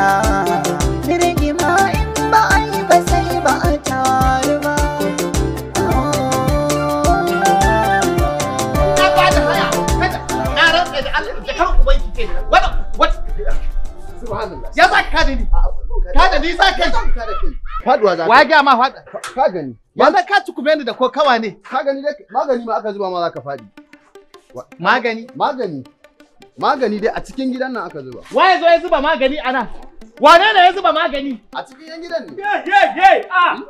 gida birgima in ba a yi ba sai ba a taru ba ya za ka ni ka da za ka faduwa za ka wa ma ka gani ka ni da ko kawa ne ka gani dai magani ma aka zuba ma za ka magani magani magani dai a cikin gidan nan aka zuba zo ya zuba magani a nan Wane ne ya zuba magani? A cikin yan gidan ne. Ye ye ye Ah! Hmm?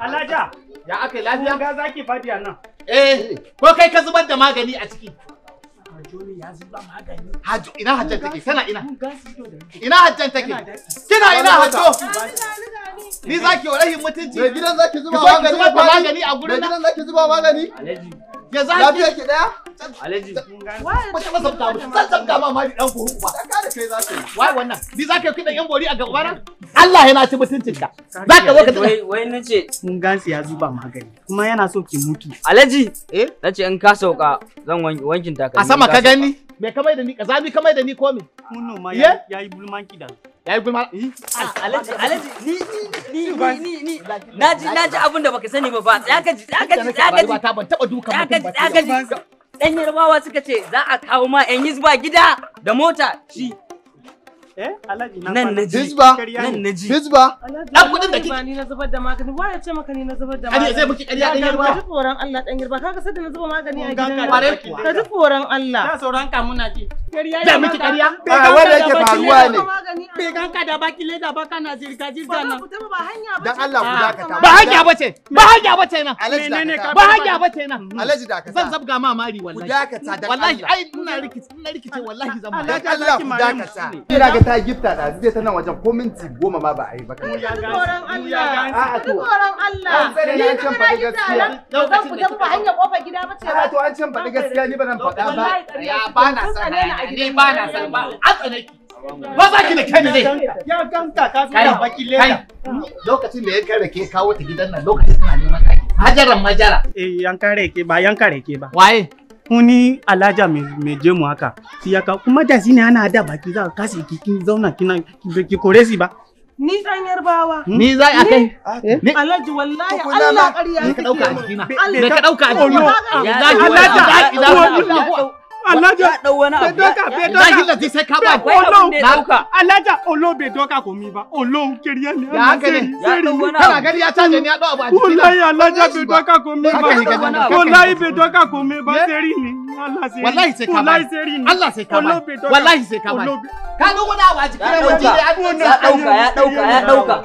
Alhaja. Ya aka yi lafiya? Ga zaki fadi a nan. Eh, eh, ko kai ka zubar da magani a ciki? Hajjoni ya zuba magani. Hajjo ina hajjan take? Tana ina? Ina hajjan take? Kina ina hajjo? Ni zaki wa rahin mutunci. Me gidan zaki zuba magani a gurin nan? Me gidan zaki zuba magani? Alhaji. Ya zaki. Lafiya ki daya? Alhaji kun ma mari dan ba. Ka da kai za ka yi. Wai wannan a gaba Allah yana ci mutuncin ka. Za ka zo ka tsaya. Wai na ce kun gansu ya zuba magani kuma yana so ki mutu. Alhaji eh na ce in ka sauka zan wankin takalmi. A sama ka gani? Me ka mai da ni kazami ka mai da ni ko me? Mun ma yayi bulmanki da. ya yi gulma eh? ah, alaji alaji ni ni ni ni na ji abin da baka sani ba ba tsaya ka ji tsaya ka ji tsaya ka ji ban taba dukan mutum ba tsaya ka ji ɗan yarbawa suka ce za a kawo ma yan hizba gida da mota shi Eh, na nan na ji hizba nan na ji hizba dan kudin da kike ni na zubar da magani wa ya ce maka ni na zubar da magani Ani sai muke ƙarya dan yarba ka ji tsoron Allah ɗan yarba kaga sai da na zuba magani a gidan ka ji tsoron Allah Ka tsoron ka muna ji ƙarya da muke ƙarya Ba wanda yake faruwa ne bai ganka da baki leda ba kana zirga zirga nan ba ba Allah ku dakata ba hanya ce ba hanya ba ah, menene ka ba hanya ba ce nan dakata zan zabga ma mari wallahi ku dakata dan wallahi ai ina rikici ina rikice wallahi zan ba dan Allah ku dakata ina ga ta gifta da zai ta nan wajen ko minti goma ma ba a yi ba kan ya ga a to Allah ni ka na gaskiya dan ku tafi ba hanya kofar gida ba ce to an can faɗi gaskiya ni ba nan faɗa ba ya ba na ni ba na san ba a tsanaki ba za ki da kai ne ya ganta ka zo da baki leda lokacin da ya kare ke kawo ta gidan nan lokacin tana neman taki hajaran majara eh yan kare ke ba yan kare ke ba waye wani alaja mai je mu haka si ya ka kuma da ne ana da baki za ka kasi kin zauna kina ki kore si ba Ni ɗan yarbawa. Hmm? Ni za a kai. Ni eh? alhaji wallahi Allah ƙarya. Ni ka ɗauka a jikina. Ni ka ɗauka a jikina. Ya za ki wani. Alhaja bai sai ka ba dauka. Alhaja Olo bai doka ko mi ba. Olo kiriya ne. Ya Ya dauka Kana gani ya caje ni ya dawa ba. Wallahi Alhaja bai mi ba. ka ba. Wallahi seri ne. Allah sai ka ka a ya dauka ya dauka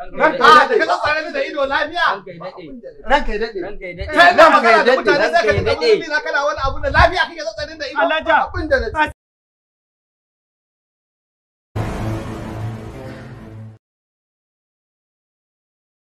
A ka tsare da ido lafiya. Ranka ya daɗe. Ranka ya daɗe. Kai na magana da mutane sai ka ji da wani lafiya kake tsare da ido. Abin da